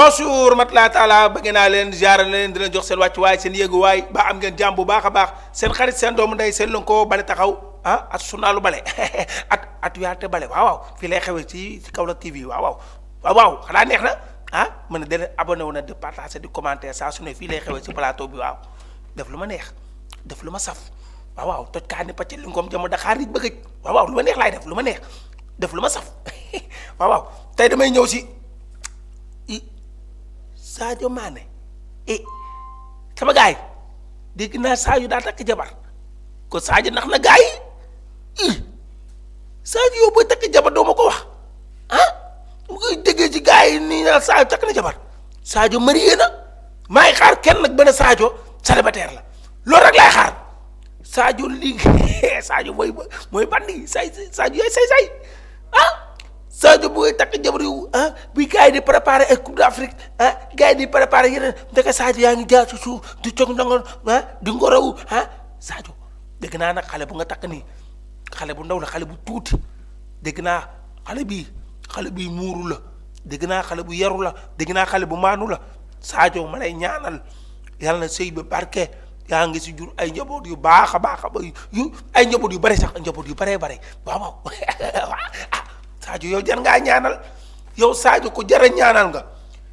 bonjour matla taala bëgge naa leen ziara na leen dina jox seen wàcc waaye seen yéegu waay ba am ngeen jàmm bu baax a baax seen xarit seen doomu ndey seen lënkoo bale taxaw ah at sunaalu bale at at yaate bale waaw waaw fii lay xewee ci ci Kaolack TV waaw waaw waaw waaw xanaa neex na ah mën na dana abonné wu na di partager di commenter saa su ne fii lay xewee ci plateau bi waaw def lu ma neex def lu ma saf waaw waaw toj kaa ni pàcc li nga xam jamo daxaar yi bëgg waaw waaw lu ma neex laa def lu ma neex def lu ma saf waaw waaw damay ñëw si. Sadio Mané eh sama gaay dégg naa Sadio daa takk jabar ko Sadio ndax na gaay yi Sadio yow booy takk jabar doo ma ko wax ah mu koy déggee ci gaay nii naa Sadio takk na jabar Sadio marié na maa xaar kenn nag benn Sadio célibataire la loolu rek laay xaar Sadio lii Sadio mooy mooy bandi say Sadio yaay say say ah. Sadio bu ngay takk yu bu ah bi gars yi di préparé ay coupe ah gars yi di préparé yeneen ndeke Sadio yaa ngi jaar ci suuf di cog ndongoon ah di ngorowu ah Sadio dégg naa nag xale bu nga takk nii xale bu ndaw la xale bu tuuti dégg naa xale bii xale bii muuru la dégg naa xale bu yaru la dégg naa xale bu maanu la Sadio ma lay ñaanal yàlla na sëy ba barke yaa ngi si jur ay njaboot yu baax a baax a yu ay njaboot njaboot yu bare bare Sadio yow jar ngaa ñaanal yow saajo ko jar a ñaanal nga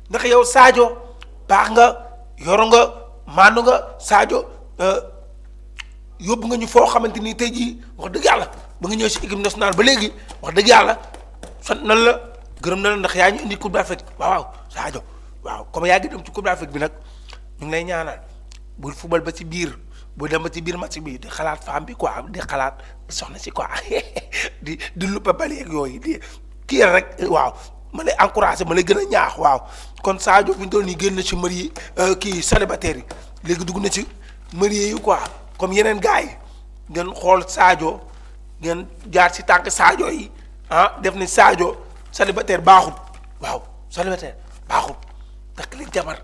ndax yow saajo baax nga yor nga maandu nga Sadio euh, yóbbu nga ñu foo xamante ni tey jii wax dëgg yàlla ba nga ñëw si équipe nationale ba léegi wax dëgg yàlla sant nan la gërëm na la ndax yaa indi coupe d'Afrique waaw waaw Sadio waaw comme yaa ngi dem ci coupe d'Afrique bi nag ñu lay ñaanal. bul fubal ba ci biir bul dem ba ci biir match bi di xalaat femme bi am di xalaat soxna si quoi di di lupa bali ak yooyu di kii rek waaw ma lay encouragé ma lay gën a ñaax waaw kon Sadio fi ñu toll nii génn na ci marié euh, kii célibataire yi léegi dugg na ci marié yi quoi comme yeneen gars yi ngeen xool Sadio ngeen jaar si tànk Sadio yi ah def ni Sadio célibataire baaxut waaw célibataire baaxut takk leen jabar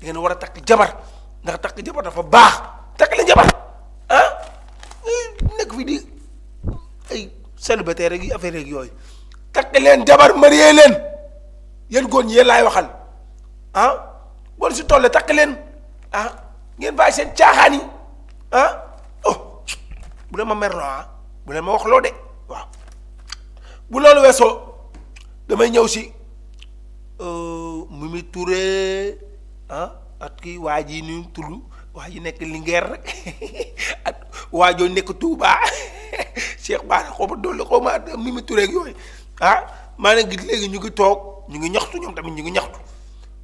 ngeen war a takk jabar ndax takk jabar dafa baax takk la jabar ah nekk fi di ay célibataire rek yi affaire rek yooyu takk leen jabar marié leen yéen góor ñi yéen laay waxal ah bon si tolle takk leen ah ngeen bàyyi seen caaxaan yi ah oh bu leen ma merloo ah bu leen ma wax loo de waaw bu loolu weesoo damay ñëw si euh, Mimi Touré ah at kii waa ji ñu tudd waa ji nekk Linguère rek ak nekk Touba Cheikh Bara xaw ma doole xaw ma Mimi Touré yooyu ah maanaam gi léegi ñu ngi toog ñu ngi ñaxtu ñoom tamit ñu ngi ñaxtu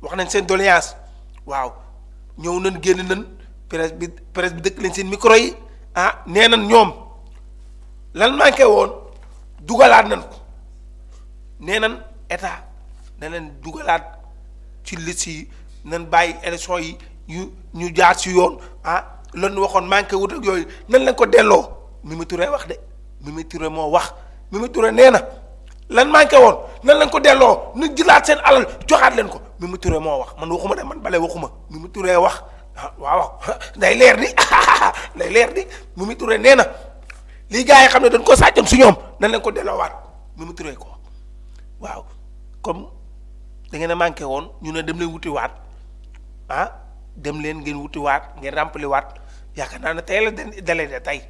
wax nañ seen doléance waaw ñëw nañ génn nañ presse bi presse bi dëkk leen seen micro yi ah, nee nañ ñoom lan manqué woon dugalaat nañ ko nee nañ état na leen dugalaat ci li si nan bàyyi élection yi yu ñu jaar si yoon ah lan waxoon manqué wut ak yooyu nan lañ ko delloo mu ture wax de Mimi Touré moo wax Mimi Touré nee na lan manqué woon nan lañ ko delloo nu jëlaat seen alal joxaat leen ko Mimi moo wax man waxuma de man bale waxuma mu Touré wax ah waaw day leer ni day leer di Mimi Touré nee na lii gars yi xam ne dañ ko sàccoon su ñoom nan lañ ko delloowaat mu Touré ko waaw comme da ngeen a woon ñu ne dem leen wuti waat ah dem leen ngeen wutiwaat ngeen waat yaakaar naa ne tey la délai de tey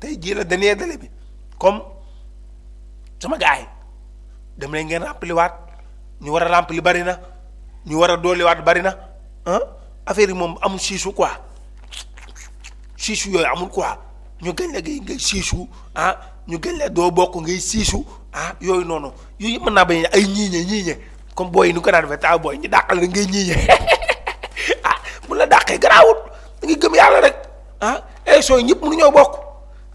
tey jii la dernier délai bi comme sama gaay dem leen ngeen waat ñu war a ràmpali bari na ñu war a dooliwaat bari na ah yi moom amul siisu quoi siisu yooyu amul quoi ñu gën la ngay siisu ah ñu gën la doo bokk ngay siisu ah yooyu noonu yooyu mën naa bañ ay ñiiñe ñiiñe comme booy nu ko daan defee taa booy ñu dàqal na ngay ñiiñe yàqee garaawul da ngay gëm yàlla rek ah élection yi ñëpp mënuñoo bokk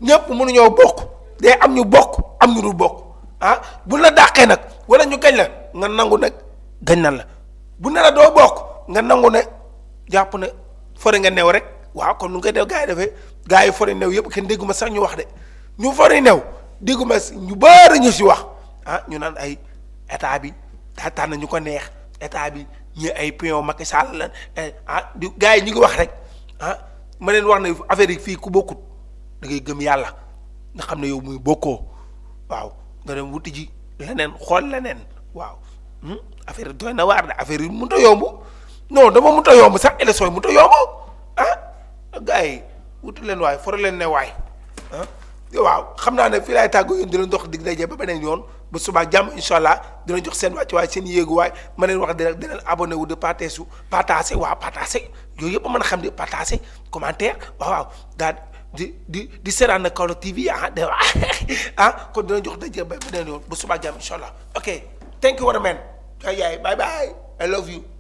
ñëpp mënuñoo bokk day am ñu bokk am ñu dul bokk ah bu la dàqee nag wala ñu gañ la nga nangu nag gañ nan la bu ne la doo bokk nga nangu ne jàpp ne fore nga new rek waaw kon nu nga koy def gars yi defee gars yi fore new yëpp kenn dégguma sax ñu wax de ñu fore new dégguma ñu bëri ñu si wax ah ñu naan ay état bi daa tànn ñu ko neex état bi. ñi ay pion Macky Sall la eh, ah di gars yi ñu ngi wax rek ah ma leen wax ne affaire yi fii ku bokkut da ngay gëm yàlla nga xam ne yow muy bokkoo waaw nga dem wuti ji leneen xool leneen waaw hmm, affaire doy na waar de affaire yi mënut a yomb non dama mënut a yomb sax élection yi mënut a yomb ah gars yi wuti leen waay foro leen ne waay ah waaw xam naa ne fii laay tàgg yéen di leen dox dig daje ba beneen yoon. ba subaa jàmm incha allah dina jox seen wàccuwaay seen yéeguwaay ma leen wax di rek dinañ abonné wu de partage partagé waa partagé yooyu yëpp a mën a xam ne partagé commentaire waaw waaw daal di di di seetaan na Kaolack TV ah de ah kon dina jox daje ba beneen yoon ba subaa jàmm incha ok thank you war a man bye bye I love you.